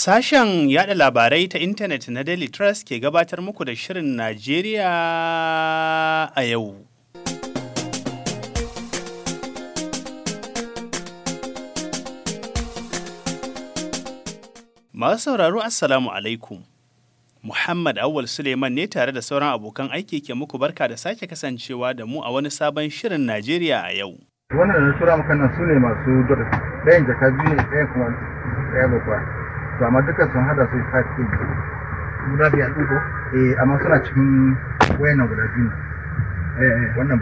Sashen yada labarai ta intanet na Daily Trust ke gabatar muku da Shirin Najeriya a yau. Masu sauraro Assalamu alaikum. Muhammad Awul Suleiman ne tare da sauran abokan aiki ke muku barka da sake kasancewa da mu a wani sabon Shirin Najeriya a yau. Wannan da tura maka nan su ne masu dole, ɗayan jaka biyu ne ɗayan kuma ɗaya babba. to hada 5 eh, eh,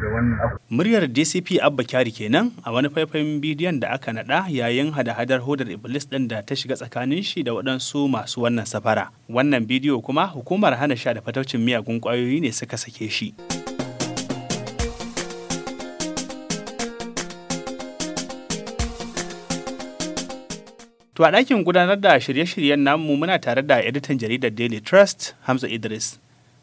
eh, muryar DCP Abba Kyari kenan a wani faifan bidiyon da aka nada yayin hada-hadar hodar Iblis ɗin da ta shiga tsakanin shi da waɗansu masu wannan safara wannan bidiyo kuma hukumar hana sha da fataucin miyagun ƙwayoyi ne suka sake shi. To a ɗakin gudanar da shirye-shiryen namu muna tare da editan jaridar Daily Trust Hamza Idris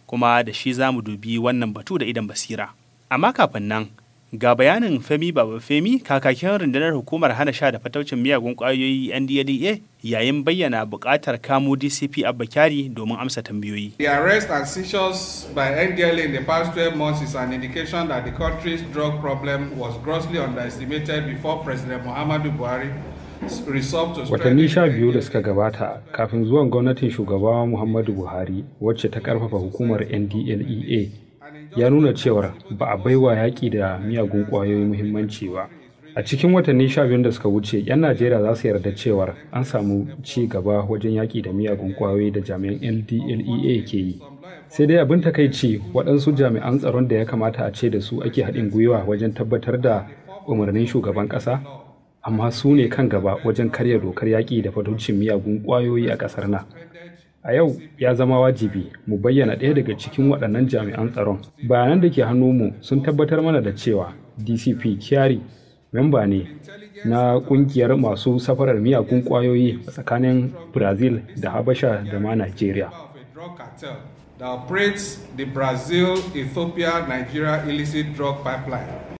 kuma da shi za mu dubi wannan batu da idan basira. Amma kafin nan ga bayanin Femi Baba Femi kakakin rundunar hukumar hana sha da fataucin miyagun ƙwayoyi NDLEA yayin bayyana buƙatar kamo DCP Abba Kyari domin amsa tambayoyi. The arrest and seizures by NDLEA in the past 12 months is an indication that the country's drug problem was grossly underestimated before President Muhammadu Buhari watanni sha biyu da suka gabata kafin zuwan gwamnatin shugaba muhammadu buhari wacce ta karfafa hukumar ndlea ya nuna cewar ba a baiwa yaƙi da miyagun ƙwayoyi muhimmanci ba a cikin watanni sha biyun da suka wuce 'yan najeriya za su yarda cewar an samu ci gaba wajen yaƙi da miyagun ƙwayoyi da jami'an ndlea ke yi sai dai abin takaici waɗansu jami'an tsaron da ya kamata a ce da su ake haɗin gwiwa wajen tabbatar da umarnin shugaban ƙasa amma su ne kan gaba wajen karya dokar yaƙi da fadocin miyagun ƙwayoyi a ƙasar na, A yau ya zama wajibi mu bayyana ɗaya daga cikin waɗannan jami'an tsaron. Bayanan da ke mu sun tabbatar mana da cewa DCP Kyari memba ne na ƙungiyar masu safarar miyagun ƙwayoyi a tsakanin Brazil da Habasha da ma Nigeria. that operates the Brazil-Ethiopia-Nigeria illicit drug pipeline.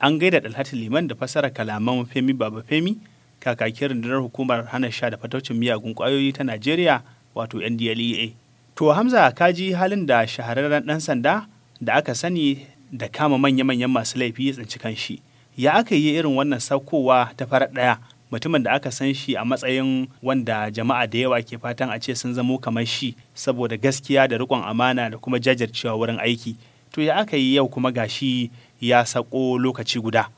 an gaida dalhati liman da fasara kalaman femi baba femi kakakin rundunar hukumar hana sha da fataucin miyagun kwayoyi ta najeriya wato ndlea to hamza kaji halin da shahararren dan sanda da aka sani da kama manya-manyan masu laifi ya tsinci kanshi ya aka yi irin wannan saukowa ta farar ɗaya mutumin da aka san shi a matsayin wanda jama'a da yawa ke fatan a ce sun zamo kamar shi saboda gaskiya da riƙon amana da kuma jajircewa wurin aiki to ya aka yi yau kuma gashi ya sako lokaci guda.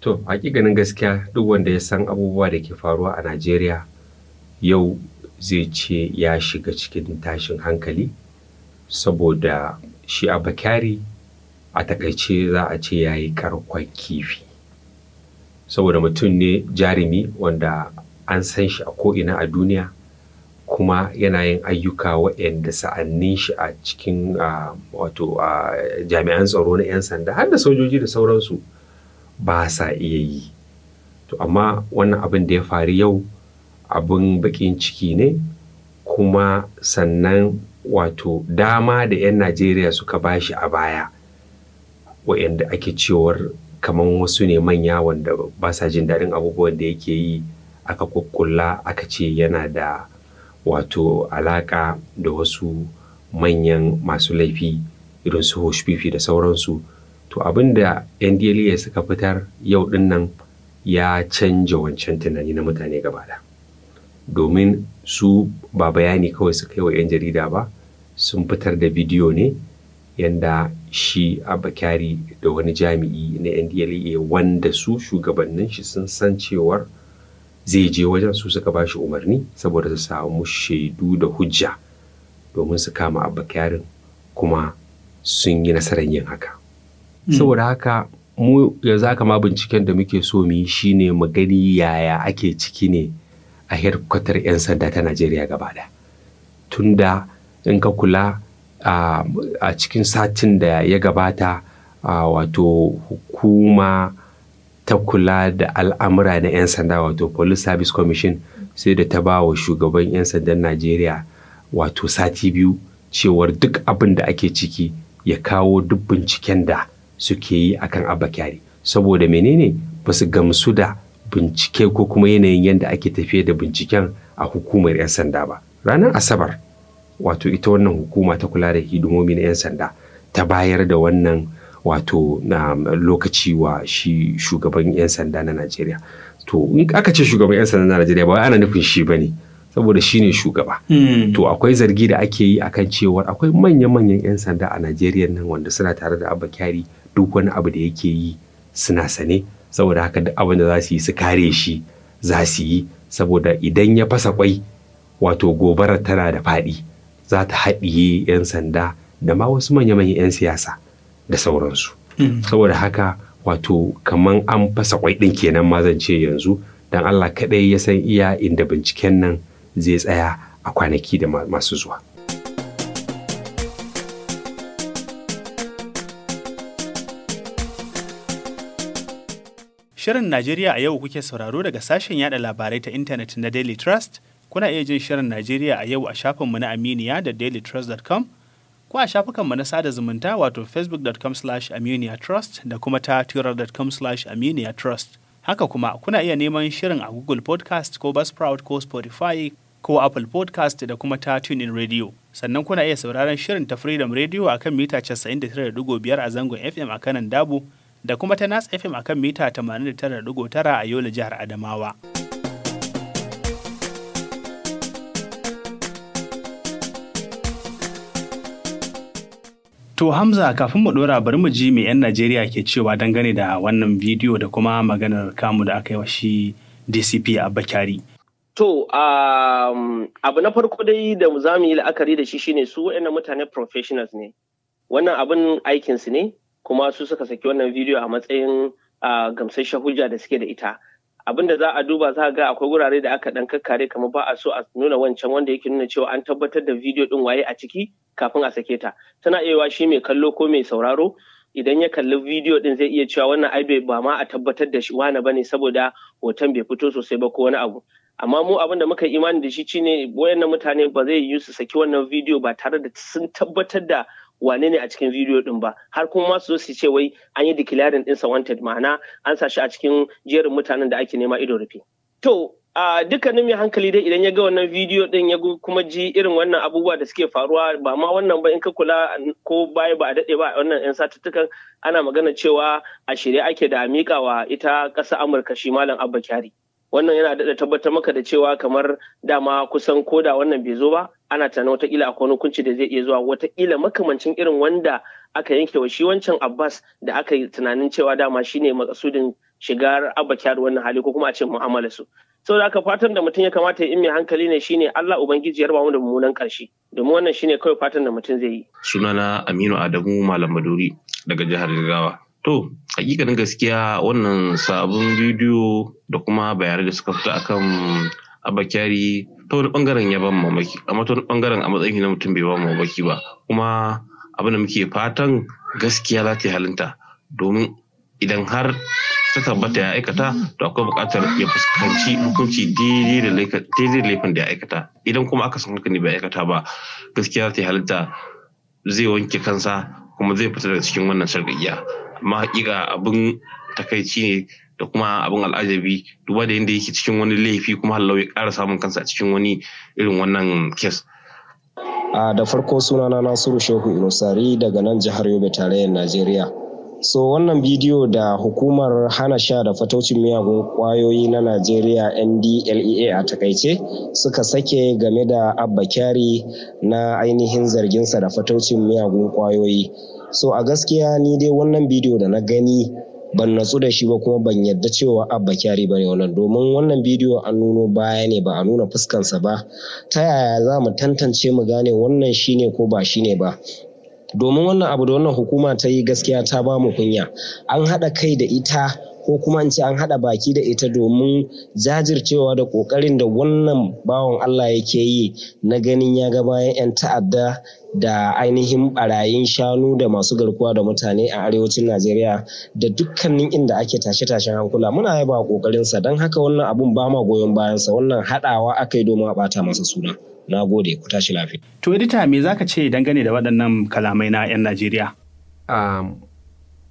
To, ganin gaskiya duk wanda ya san abubuwa da ke faruwa a Najeriya yau zai ce ya shiga cikin tashin hankali saboda shi a bakari a takaice za a ce ya yi karkon kifi. Saboda mutum ne jarumi wanda an san shi a ko'ina a duniya kuma yana yin ayyuka waɗanda sa'annin shi a cikin wato jami'an tsaro na 'yan sanda har da sojoji da sauransu ba sa iya yi to amma wannan abin da ya faru yau abin baƙin ciki ne kuma sannan wato dama da 'yan najeriya suka bashi a baya waɗanda ake cewar kamar wasu ne manya wanda ba sa jin daɗin abubuwan da yake yi aka kukkulla aka ce yana da wato alaƙa da wasu manyan masu laifi irin su hoshfifi da sauransu to abin da yan e suka fitar yau ɗin ya canja wancan tunani na mutane gaba domin su ba bayani kawai suka yi wa 'yan jarida ba sun fitar da bidiyo ne yadda shi abakari da wani jami'i na ndla e wanda su shugabannin shi sun san cewar zai je wajen su suka bashi umarni saboda su samu shaidu da hujja domin su kama abba kyarin kuma sun yi nasarar yin haka hmm. saboda haka mu yanzu haka ma binciken da muke so mu yi shine mu gani yaya ake ciki ne a herkwatar 'yan sanda ta najeriya gaba da tunda in ka kula a cikin satin da ya gabata wato hukuma ta kula da al'amura na 'yan sanda wato police service commission sai da ta ba wa shugaban 'yan sandan najeriya wato sati biyu cewar duk abin da ake ciki ya kawo duk binciken da suke yi akan abakari saboda menene ba su gamsu da bincike ko kuma yanayin yadda ake tafiye da binciken a hukumar 'yan sanda ba ranar asabar wato ita wannan hukuma ta kula da hidimomi na 'yan sanda ta bayar da wannan wato na lokaci wa shi shugaban 'yan sanda na najeriya to in aka ce shugaban 'yan sanda na najeriya ba ana nufin shi ba ne saboda shi ne shugaba hmm. to akwai zargi da ake yi akan cewar akwai manya-manyan 'yan sanda a najeriya nan wanda suna tare da abba kyari duk wani abu da yake yi suna sane saboda haka duk abin da za su yi su kare shi za su yi saboda idan ya fasa kwai wato gobarar tana da faɗi za ta haɗiye 'yan sanda da ma wasu manya-manyan 'yan siyasa da sauransu mm. saboda haka wato kaman an fasa kwai ɗin kenan ma zan ce yanzu don Allah kaɗai ya san iya inda binciken nan zai tsaya a kwanaki da masu zuwa. Shirin Najeriya a yau kuke sauraro daga sashen yada labarai ta intanet na Daily Trust. Kuna iya jin Shirin Najeriya a yau a shafinmu na Aminiya da dailytrust.com ko a shafukan na sada zumunta wato facebookcom trust da kuma ta twittercom trust Haka kuma kuna iya neman shirin a Google Podcast ko Buzzsprout ko Spotify ko Apple Podcast da kuma ta TuneIn Radio. Sannan kuna iya sauraron shirin ta Freedom Radio a kan mita 99.5 a zangon FM a kanan Dabo da kuma ta Nas FM a kan mita 89.9 a Yola jihar Adamawa. To Hamza kafin mu ɗora bari mu ji me 'yan Najeriya ke cewa dangane da wannan bidiyo da kuma maganar kamu da aka yi wa shi DCP a Bakari. To, um, abu na farko dai da za mu yi la'akari da shi shine su waɗannan mutane professionals ne. Wannan abin aikinsu ne, kuma su suka saki wannan bidiyo a matsayin uh, gamsasshen hujja da suke da ita. abin da za a duba za a ga akwai wurare da aka dan kakkare kamar ba a so a nuna wancan wanda yake nuna cewa an tabbatar da bidiyo ɗin waye a ciki kafin a sake ta tana iya shi mai kallo ko mai sauraro idan ya kalli bidiyo din zai iya cewa wannan aibe ba ma a tabbatar da shi wani bane saboda hoton bai fito sosai ba ko wani abu amma mu abin da muka imani da shi shine wayannan mutane ba zai yi su saki wannan bidiyo ba tare da sun tabbatar da wane ne a cikin bidiyo din ba har kuma ma su su ce wai an yi declaring din sa wanted ma'ana an sa shi a cikin jerin mutanen da ake nema ido rufe to a dukkanin mai hankali dai idan ya ga wannan bidiyo din ya kuma ji irin wannan abubuwa da suke faruwa ba ma wannan ba in ka kula ko baya ba a daɗe ba a wannan 'yan satuttukan ana magana cewa a shirye ake da miƙa wa ita ƙasa amurka shi malam abba kyari wannan yana da tabbatar maka da cewa kamar dama kusan koda wannan bai zo ba ana tunanin watakila akwai wani hukunci da zai iya zuwa watakila makamancin irin wanda aka yanke wa shi wancan abbas da aka yi tunanin cewa dama shine makasudin shigar Abba Kyar wannan hali ko kuma a ce mu'amalar su da haka fatan da mutum ya kamata ya in mai hankali ne shine Allah ubangiji ya raba mu da mummunan karshe domin wannan shine kawai fatan da mutum zai yi sunana Aminu Adamu Malam Maduri daga jihar Jigawa to hakikanin gaskiya wannan sabon bidiyo da kuma bayanai da suka fita akan abakyari ta wani bangaren ya ban mamaki amma ta wani bangaren a matsayin na mutum bai ba mamaki ba kuma abin da muke fatan gaskiya za ta halinta domin idan har ta tabbata ya aikata to akwai bukatar ya fuskanci hukunci daidai da laifin da ya aikata idan kuma aka san hakan bai aikata ba gaskiya ta halitta zai wanke kansa kuma zai fita daga cikin wannan sargayya amma hakika abin takaici ne da kuma abin al'ajabi duba da yadda yake cikin wani laifi kuma halau ya ƙara samun kansa a cikin wani irin wannan kes. a da farko sunana nasiru shehu inusari daga nan jihar yobe tarayyar najeriya So wannan bidiyo da hukumar hana sha da fataucin miyagun kwayoyi na Najeriya NDLEA a takaice suka sake game da Abba Kyari na ainihin zarginsa da fataucin miyagun kwayoyi. So a gaskiya ni dai wannan bidiyo da na gani ban natsu da shi ba kuma ban yadda cewa abba kyari bane wannan domin wannan bidiyo an nuno baya ne ba a nuna fuskansa ba ta yaya za mu tantance mu gane wannan shine ko ba shine ba domin wannan abu da wannan hukuma ta yi gaskiya ta ba mu kunya an haɗa kai da ita ko kuma an ce an haɗa baki da ita domin jajircewa da ƙoƙarin da wannan bawan Allah yake yi na ganin ya ga bayan 'yan ta'adda da ainihin barayin shanu da masu garkuwa da mutane a arewacin Najeriya da dukkanin inda ake tashe-tashen hankula muna yaba ƙoƙarinsa don haka wannan abun ba ma goyon bayansa wannan haɗawa aka yi domin a ɓata masa suna. na gode ku tashi lafiya. To edita me zaka ce dangane da waɗannan kalamai na 'yan Najeriya? Um,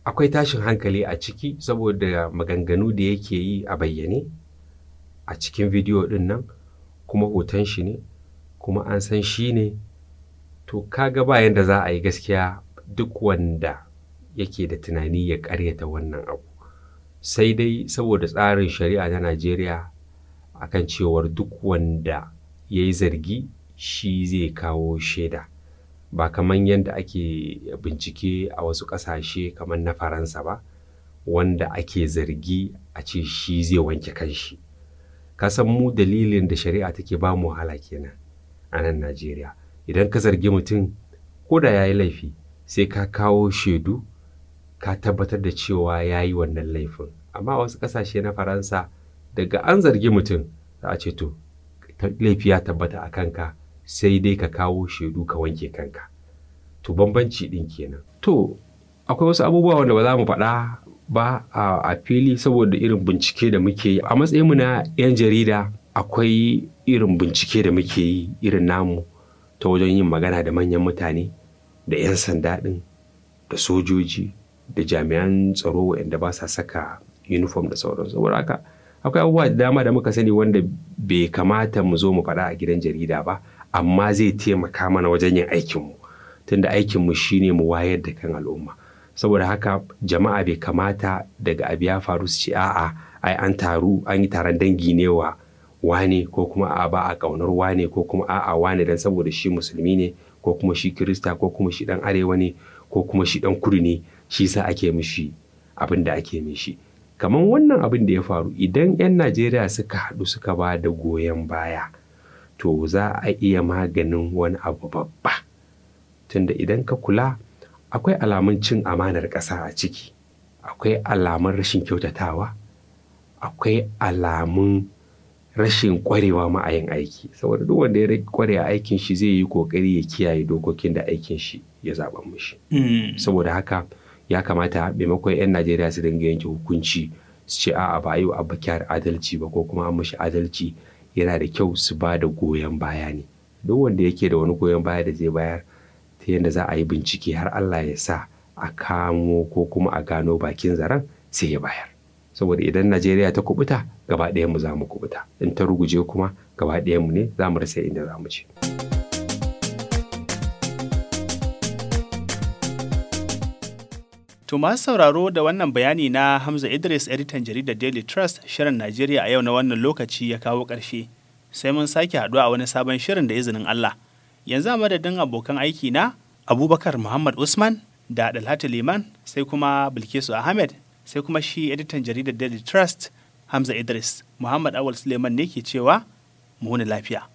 akwai tashin hankali a ciki saboda maganganu da yake yi a bayyane a cikin bidiyo ɗin nan kuma hoton shi ne kuma an san shi ne to kaga ba yadda za a yi gaskiya duk wanda yake da tunani ya karyata wannan abu sai dai saboda tsarin shari'a na najeriya akan cewar duk wanda yayi zargi shi zai kawo shaida ba kaman yadda ake bincike a wasu ƙasashe kamar na faransa ba wanda ake zargi a ce shi zai wanke kanshi kasan mu dalilin da shari'a take ba mu wahala kenan a nan najeriya idan ka zargi mutum ko da ya yi laifi sai ka kawo shaidu ka tabbatar da cewa ya yi wannan laifin amma wasu ƙasashe na faransa daga an zargi mutum za a ce to laifi ya tabbata a kanka sai dai ka kawo shaidu ka wanke kanka to bambanci din kenan to akwai wasu abubuwa wanda ba za mu faɗa ba a fili saboda irin bincike da muke yi a matsayinmu na 'yan jarida akwai irin bincike da muke yi irin namu ta wajen yin magana da manyan mutane da 'yan sanda ɗin da sojoji da jami'an tsaro waɗanda ba sa saka uniform da sauransu saboda haka akwai abubuwa da dama da muka sani wanda bai kamata mu zo mu faɗa a gidan jarida ba amma zai taimaka mana wajen yin aikinmu tunda aikinmu shine mu wayar da kan al'umma saboda haka jama'a bai kamata daga abu ya faru su ce a'a ai an taru an yi taron dangi ne wa wane ko kuma a ba a ƙaunar wane ko kuma a'a wane dan saboda shi musulmi ne ko kuma shi kirista ko kuma shi dan arewa ne ko kuma shi dan kudu ne shi sa ake mishi abin da ake mishi kamar wannan abin da ya faru idan 'yan najeriya suka haɗu suka ba da goyon baya to za a iya maganin wani abu babba tunda idan ka kula akwai alamun cin amanar ƙasa a ciki akwai alamun rashin kyautatawa akwai alamun rashin kwarewa ma'ayin aiki saboda duk wanda ya kware a aikin shi zai yi kokari ya kiyaye dokokin da aikin shi ya zaɓa mishi hmm. saboda haka ya kamata maimakon 'yan najeriya su dinga yanke hukunci su ce a'a ba yi wa adalci ba ko kuma an mashi adalci yana da kyau su ba da goyon baya ne duk wanda yake da wani goyon baya da zai bayar ta yadda za a yi bincike har allah ya sa a kamo ko kuma a gano bakin zaren sai ya bayar saboda idan najeriya ta kubuta gaba mu za mu kubuta in ta ruguje kuma gaba mu ne za mu rasa inda za mu ce. To masu sauraro da wannan bayani na Hamza Idris editan jaridar Daily Trust shirin Najeriya a yau na wannan lokaci ya kawo ƙarshe. Sai mun sake haɗuwa a wani sabon shirin da izinin Allah. Yanzu a madadin abokan aiki na Abubakar Muhammad Usman da Dalhatu Liman sai kuma Bilkisu Ahmed sai kuma shi editan jaridar Daily Trust Hamza Idris Muhammad Awal Suleiman ne ke cewa mu lafiya.